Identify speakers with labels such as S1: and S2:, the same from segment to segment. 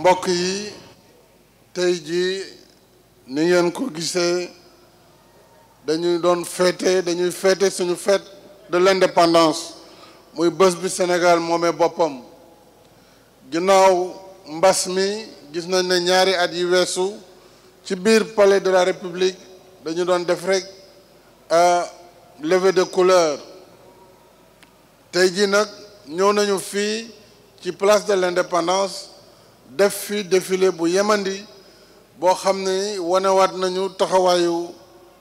S1: mbokk yi tey jii ni ngeen ko gisee dañuy doon féete dañuy féete suñu fête de l'indépendance muy bés bi Sénégal moomee boppam ginnaaw mbas mi gis na ne ñaari at yi weesu ci biir palais de la République dañu doon def rek levée de couleur tey jii nag ñëw nañu fii ci place de l'indépendance def fi défilé bu yemandi boo xam ne wanewaat nañu taxawaayu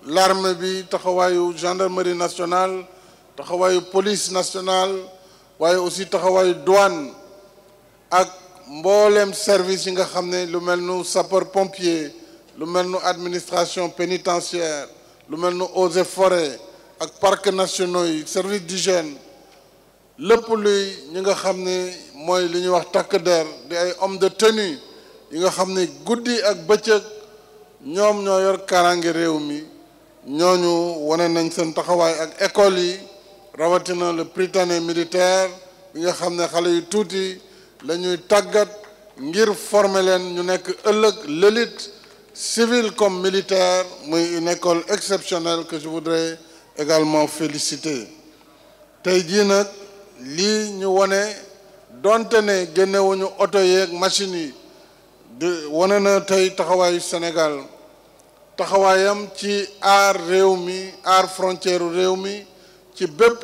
S1: l'armée bi taxawaayu gendarmerie nationale taxawaayu police nationale waaye aussi taxawaayu douane ak mbooleem service yi nga xam ne lu mel nu sapeur pompier lu mel nu administration pénitentiaire lu mel nu eaux et forêts ak parcs nationaux yi service d'hygiène lépp luy ñi nga xam ne mooy li ñuy wax takk der di ay homme de tenue yi nga xam ne guddi ak bëccëg ñoom ñoo yor kaaraange réew mi ñooñu wane nañ seen taxawaay ak école yi rawatina le prytanée militaire bi nga xam ne xale yu tuuti lañuy tàggat ngir former leen ñu nekk ëllëg l'élite civile comme militaire muy une école exceptionnelle que je voudrais également féliciter tey jii nag lii ñu wone donte ne génnewuñu oto yeeg machine yi de wane na tey taxawaayu Sénégal taxawaayam ci aar réew mi aar frontière réew mi ci bépp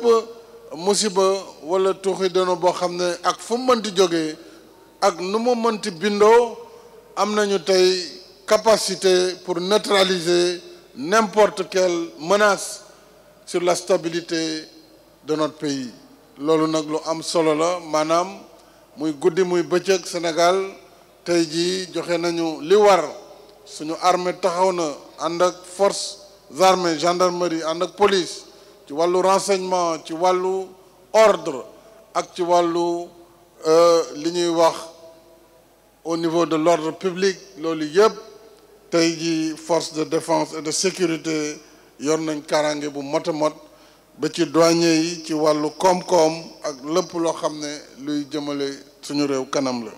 S1: musiba wala tuuxi dono boo xam ne ak fu mu mënti jógee ak nu mu mënti bindoo am nañu tey capacité pour neutraliser n'importe kell menace sur la stabilité de notre pays loolu nag lu am solo la maanaam muy guddi muy bëccëg Sénégal tey jii joxe nañu li war suñu armée taxaw na ànd ak force armée gendarmerie ànd ak police ci wàllu renseignement ci wàllu ordre ak ci wàllu euh, li ñuy wax au niveau de l'ordre public loolu yëpp tey jii force de défense et de sécurité yor nañ kaaraange bu mot a mot ba ci douanier yi ci wàllu koom-koom ak lépp loo xam ne luy jëmale suñu réew kanam la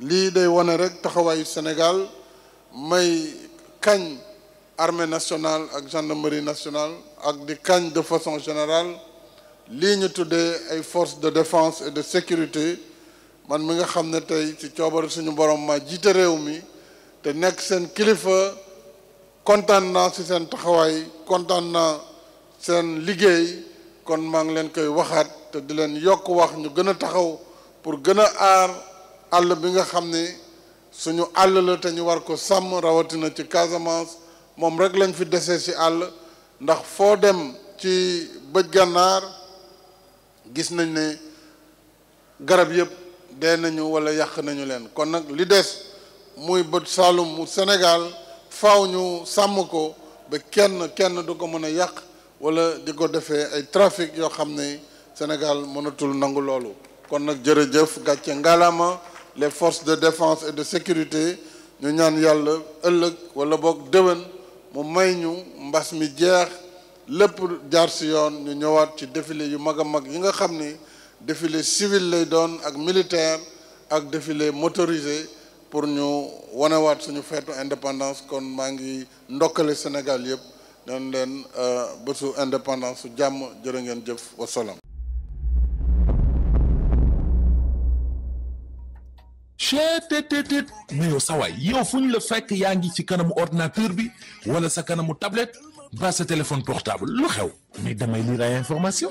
S1: lii day wane rek taxawaayu Sénégal may kañ armée nationale ak gendarmerie nationale ak di kañ de façon générale lii ñu tuddee ay force de défense et de sécurité man mi nga xam ne tey ci coobaru suñu borom ma jiite réew mi te nekk seen kilifa kontaan naa ci seen taxawaay kontaan seen liggéey kon maa ngi leen koy waxaat te di leen yokk wax ñu gën a taxaw pour gën a aar àll bi nga xam ni suñu àll la te ñu war ko sàmm rawatina ci Casamance moom rek lañ fi dese si àll ndax foo dem ci bëj gànnaar gis nañ ne garab yëpp dee nañu wala yàq nañu leen kon nag li des muy bët Saalum mu Sénégal faw ñu sàmm ko ba kenn kenn du ko mën a yàq wala di ko defee ay trafic yoo xam ne Sénégal mënatul nangu loolu kon nag jërëjëf gàcce ngalaama les force de défence et de sécurité ñu ñaan yàlla ëllëg wala boog déwén mu may ñu mbas mi jeex lépp jaar si yoon ñu ñëwaat ci défilé yu mag a mag yi nga xam ni défilé civil lay doon ak militaire ak défilé motorisé pour ñu wanewaat suñu feetu indépendance kon maa ngi ndokkale Sénégal yëpp dañ leen euh, bésu indépendance su jàmm jërë ngeen jëf
S2: te chetttt mais yow sawaay yow fu ñu la fekk yaa ngi ci kanamu ordinateur bi wala sa kanamu tablette ba sa téléphone portable lu xew mais damay lire information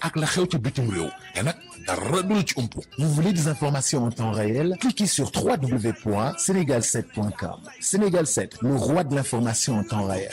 S2: ak la xew ci bitim réew te nag dara Vous voulez des informations en temps réel? Cliquez sur www.senegal7.com. Sénégal 7, le roi de l'information en temps réel.